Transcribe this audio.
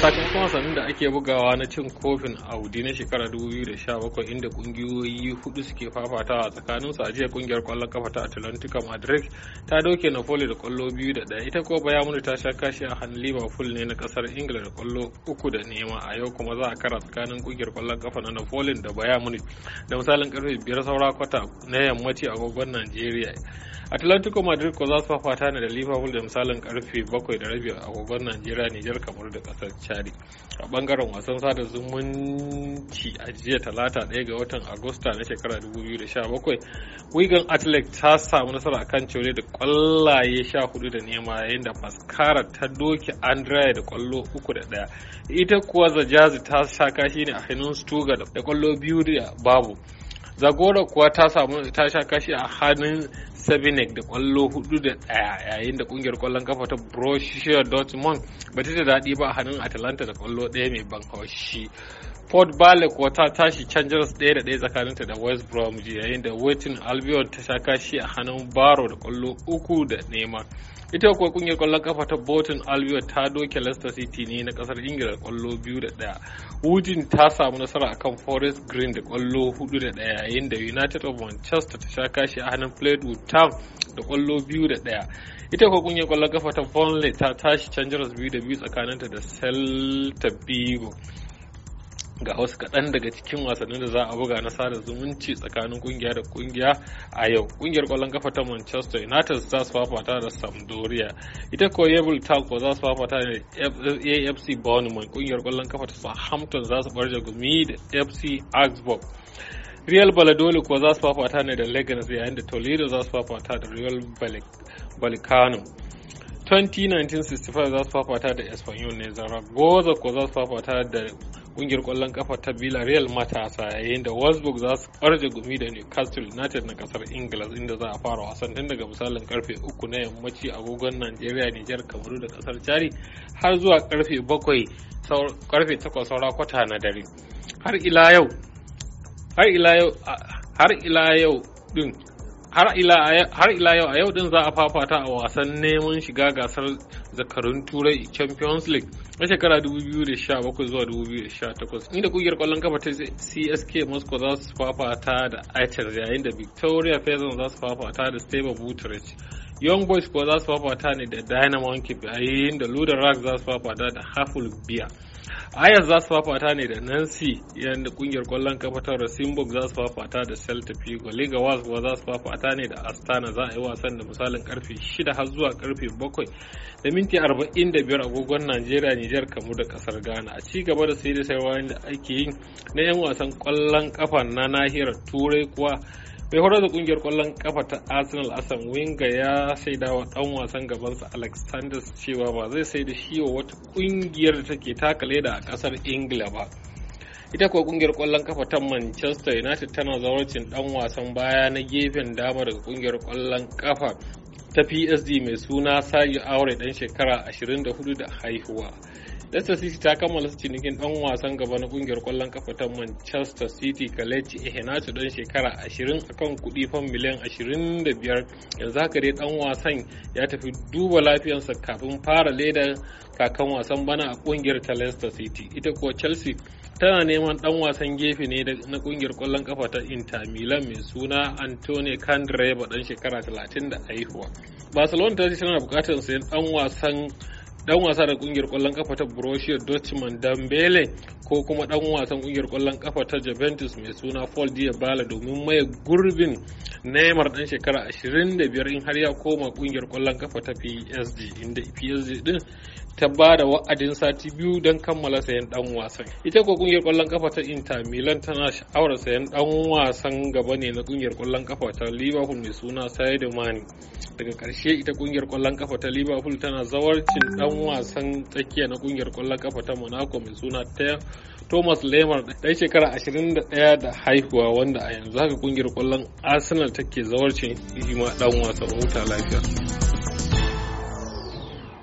kuma sanin da ake bugawa na cin kofin audi na shekara 2017 inda kungiyoyi hudu suke fafatawa tsakanin su a jiya kungiyar kwallon kafa ta atlantica madrid ta doke napoli da kwallo biyu da daya ita kuma bayamuni ta sha kashi a hannun liverpool ne na kasar ingila da kwallo uku da nema a yau kuma za a kara tsakanin kungiyar kwallon kafa na napoli da muni da misalin karfe biyar saura kwata na yammaci agogon nigeria atlantico madrid ko za su fafata ne da liverpool da misalin karfe bakwai da rabi agogon nigeria nijar kamar da kasar share a bangaren wasan sada zumunci a jiya talata ɗaya ga watan agusta na shekara 2017 wigan atlet ta samu nasara kan cewa da kwallaye 14 da nema yayin da maskara ta doke andrea da kwallo 3 da ɗaya ita kuwa zajazi ta sha kashi ne a hannun stuga da kwallo biyu da babu zagora kuwa ta samu ta sha kashi a hannun Sabinek da kwallo hudu da daya yayin da kungiyar kwallon kafa ta Borussia Dortmund ba ta daɗi ba a hannun Atalanta da kwallo ɗaya mai ban haushi. Port Bale kuwa ta tashi Chargers daya da ɗaya tsakaninta da West Bromwich yayin da Waiting Albion ta sha kashi a hannun Baro da kwallo uku da nema. ita kuwa kungiyar kwallon kafa ta Bolton Albion ta doke Leicester City ne na kasar Ingila kwallo biyu da daya Wujin ta samu nasara akan Forest Green da kwallo hudu da daya yayin da United of Manchester ta sha kashi a hannun Fleetwood Town da kwallo biyu da daya ita kuwa kungiyar kwallon kafa ta Burnley ta tashi canjaras biyu da biyu tsakaninta da Celta Vigo ga wasu kaɗan daga cikin wasannin da za a buga na sada zumunci tsakanin kungiya da kungiya a yau kungiyar kwallon kafa ta manchester united za su fafata da sampdoria ita ko yabul talco za su fafata da afc bournemouth kungiyar kwallon kafa ta southampton za su barja gumi da afc augsburg real baladoli ko za su fafata ne da leganes yayin da toledo za su fafata da real balcano 2019-65 za su fafata da espanyol ne zaragoza ko za su fafata da kungiyar kwallon kafa ta Villarreal matasa yayin da Wolfsburg za su kwarje gumi da Newcastle United na kasar Ingila inda za a fara wasan tun daga misalin karfe 3 na yammaci agogon Najeriya, Nijar, Kamaru da kasar Chari har zuwa karfe 7 karfe 8 saura kwata na dare. Har ila yau har ila yau har ila yau din har ila yau a yau din za a fafata a wasan neman shiga gasar zakarun turai champions league na shekara 2017 zuwa 2018 inda kungiyar kwallon kafa ta csk moscow za su fafata da aitar yayin da victoria pheasant za su fafata da stable butrich young boys kuwa za su fafata ne da dynamo kip yayin da Rock za su fafata da hafulbiya biya ayas za su fafata ne da nancy yadda kungiyar kwallon kafa ta rosenborg za su fafata da celta figo liga wasp kuwa za su fafata ne da astana za a yi wasan da misalin karfe 6 har zuwa karfe 7 da minti 45 agogon najeriya nijar kamu da kasar ghana a ci gaba da sai da sayarwa da ake yi na 'yan wasan kwallon kafa na nahiyar turai kuwa mai horar da kungiyar kwallon kafa ta arsenal asan winga ya shaida wa dan wasan gabansa alexander cewa ba zai sai da shi wa wata kungiyar da take taka leda a kasar ingila ba ita kuwa kungiyar kwallon kafa ta manchester united tana zawarcin dan wasan baya na gefen dama daga kungiyar kwallon kafa ta psd mai suna sayu aure dan shekara 24 da haihuwa Leicester City ta kammala cinikin dan wasan gaba na kungiyar kwallon kafa ta Manchester City Kalechi Iheanacho dan shekara 20 akan kuɗi fam miliyan 25 yanzu haka dai dan wasan ya tafi duba lafiyarsa kafin fara leda kakan wasan bana a kungiyar ta Leicester City ita kuwa Chelsea tana neman dan wasan gefe ne na kungiyar kwallon kafa ta Inter Milan mai suna Antonio Candreva dan shekara 30 da aihuwa Barcelona ta ce tana bukatar sayan dan wasan dan wasa da kungiyar kwallon kafa ta Borussia Dortmund Dembele ko kuma dan wasan kungiyar kwallon kafa ta Juventus mai suna Paul Dybala domin maye gurbin Neymar dan shekara 25 in har ya koma kungiyar kwallon kafa ta PSG inda PSG din ta ba da wa'adin sati biyu don kammala sayan dan wasan ita ko kungiyar kwallon kafa ta inter milan tana sha'awar sayan dan wasan gaba ne na kungiyar kwallon kafa ta liverpool mai suna sadio mani daga karshe ita kungiyar kwallon kafa ta liverpool tana zawarcin dan wasan tsakiya na kungiyar kwallon kafa ta monaco mai suna thomas lemar ɗan shekara ashirin da da haihuwa wanda a yanzu haka kungiyar kwallon arsenal take zawarcin shi dan wasan huta lafiya